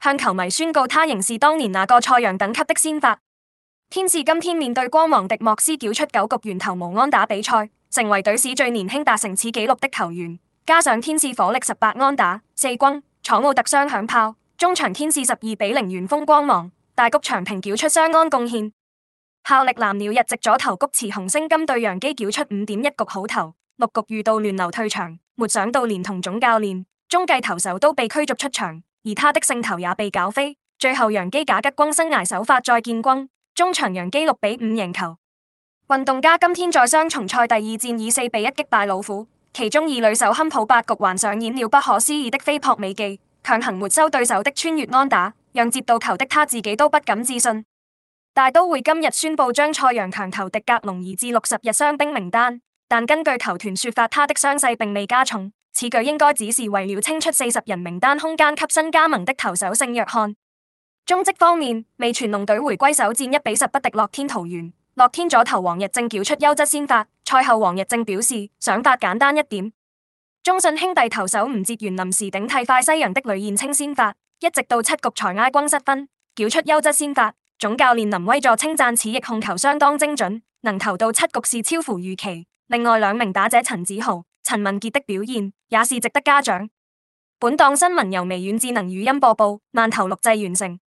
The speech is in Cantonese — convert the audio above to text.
向球迷宣告，他仍是當年那個賽揚等級的先發。天使今天面對光芒迪莫斯，繳出九局完投無安打比賽，成為隊史最年輕達成此紀錄的球員。加上天使火力十八安打四轟，闖奧特雙響炮，中場天使十二比零完封光芒，大谷翔平繳出雙安貢獻，效力藍鳥日籍左投菊池雄星今對洋基繳出五點一局好投，六局遇到亂流退場，沒想到連同總教練、中繼投手都被驅逐出場。而他的勝投也被搞飛，最後楊基賈吉攻生涯首發再見轟，中場楊基六比五贏球。運動家今天在雙重賽第二戰以四比一擊敗老虎，其中二壘手坎普八局還上演了不可思議的飛撲美技，強行沒收對手的穿越安打，讓接到球的他自己都不敢置信。大都會今日宣布將賽揚強投迪格隆移至六十日傷兵名單，但根據球團說法，他的傷勢並未加重。此舉應該只是為了清出四十人名單空間，給新加盟的投手聖約翰。中職方面，未全龍隊回歸首戰一比十不敵樂天桃園，樂天左投王日正繳出優質先發。賽後王日正表示，想法簡單一點。中信兄弟投手吳哲源臨時頂替快西洋的呂彥青先發，一直到七局才挨光失分，繳出優質先發。總教練林威助稱讚此役控球相當精準，能投到七局是超乎預期。另外兩名打者陳子豪、陳文傑的表現也是值得嘉獎。本檔新聞由微軟智能語音播報，饅頭錄製完成。